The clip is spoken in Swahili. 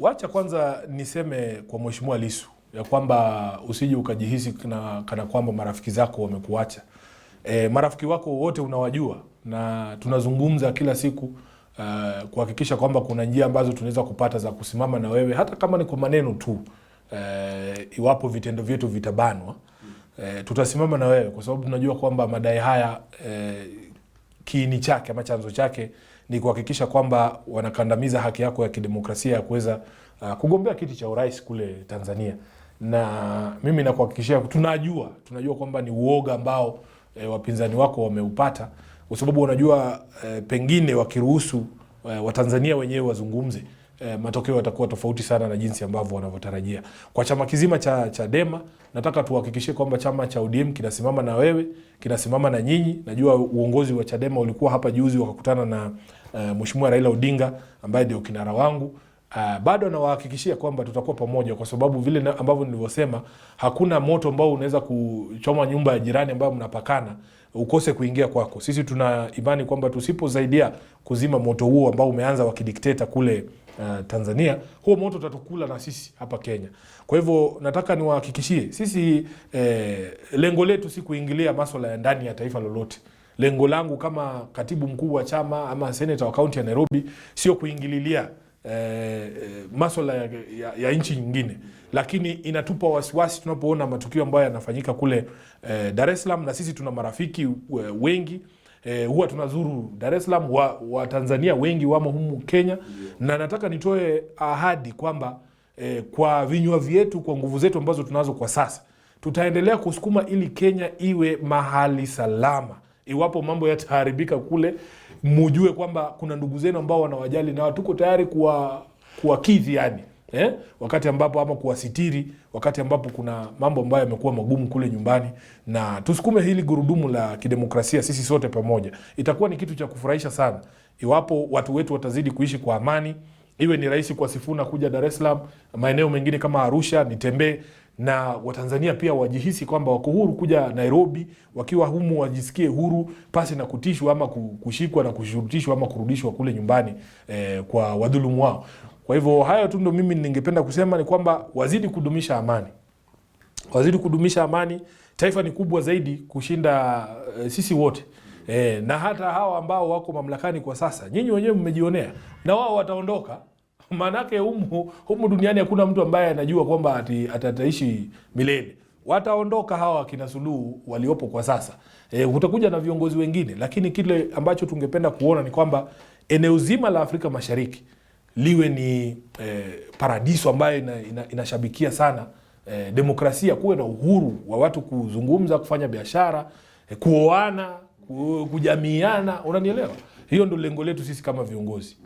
Wacha kwanza niseme kwa Mheshimiwa Lissu ya kwamba usije ukajihisi kana, kana kwamba marafiki zako wamekuacha. E, marafiki wako wote unawajua na tunazungumza kila siku uh, kuhakikisha kwamba kuna njia ambazo tunaweza kupata za kusimama na wewe hata kama ni kwa maneno tu. E, iwapo vitendo vyetu vitabanwa, e, tutasimama na wewe kwa sababu tunajua kwamba madai haya e, kiini chake ama chanzo chake ni kuhakikisha kwamba wanakandamiza haki yako ya kidemokrasia ya kuweza uh, kugombea kiti cha urais kule Tanzania. Na mimi nakuhakikishia, tunajua tunajua kwamba ni uoga ambao e, wapinzani wako wameupata kwa sababu wanajua e, pengine wakiruhusu e, Watanzania wenyewe wazungumze eh, matokeo yatakuwa tofauti sana na jinsi ambavyo wanavyotarajia. Kwa chama kizima cha Chadema, nataka tuhakikishie kwamba chama cha ODM kinasimama na wewe, kinasimama na nyinyi. Najua uongozi wa Chadema ulikuwa hapa juzi wakakutana na eh, Mheshimiwa Raila Odinga ambaye ndio kinara wangu. Uh, bado nawahakikishia kwamba tutakuwa pamoja kwa sababu vile ambavyo nilivyosema, hakuna moto ambao unaweza kuchoma nyumba ya jirani ambayo mnapakana ukose kuingia kwako. Sisi tuna imani kwamba tusipozaidia kuzima moto huo ambao umeanza wa kidikteta kule uh, Tanzania, huo moto utatukula na sisi hapa Kenya. Kwa hivyo nataka niwahakikishie sisi eh, lengo letu si kuingilia maswala ya ndani ya taifa lolote. Lengo langu kama katibu mkuu wa chama ama seneta wa kaunti ya Nairobi sio kuingililia eh, maswala ya, ya, ya nchi nyingine, lakini inatupa wasiwasi tunapoona matukio ambayo yanafanyika kule eh, Dar es Salaam, na sisi tuna marafiki eh, wengi eh, huwa tunazuru Dar es Salaam, wa, wa Tanzania wengi wamo humu Kenya yeah. Na nataka nitoe ahadi kwamba eh, kwa vinywa vyetu, kwa nguvu zetu ambazo tunazo kwa sasa, tutaendelea kusukuma ili Kenya iwe mahali salama. Iwapo mambo yataharibika kule, mujue kwamba kuna ndugu zenu ambao wanawajali na tuko tayari kuwakidhi kuwa yani eh? Wakati ambapo ama kuwasitiri, wakati ambapo kuna mambo ambayo yamekuwa magumu kule nyumbani, na tusukume hili gurudumu la kidemokrasia sisi sote pamoja. Itakuwa ni kitu cha kufurahisha sana iwapo watu wetu watazidi kuishi kwa amani. Iwe ni rahisi kwa Sifuna kuja Dar es Salaam, maeneo mengine kama Arusha nitembee na Watanzania pia wajihisi kwamba wako huru kuja Nairobi, wakiwa humu wajisikie huru pasi na kutishwa ama kushikwa na kushurutishwa ama kurudishwa kule nyumbani eh, kwa wadhulumu wao. Kwa hivyo hayo tu ndo mimi ningependa kusema ni kwamba wazidi kudumisha amani, wazidi kudumisha amani. Taifa ni kubwa zaidi kushinda e, sisi wote e, na hata hawa ambao wako mamlakani kwa sasa, nyinyi wenyewe mmejionea, na wao wataondoka. Maanake humu humu duniani hakuna mtu ambaye anajua kwamba ataishi milele. Wataondoka hawa wakina Suluhu waliopo kwa sasa e, utakuja na viongozi wengine, lakini kile ambacho tungependa kuona ni kwamba eneo zima la Afrika Mashariki liwe ni eh, paradiso ambayo ina, ina, inashabikia sana eh, demokrasia, kuwe na uhuru wa watu kuzungumza, kufanya biashara eh, kuoana, kujamiana, unanielewa? Hiyo ndo lengo letu sisi kama viongozi.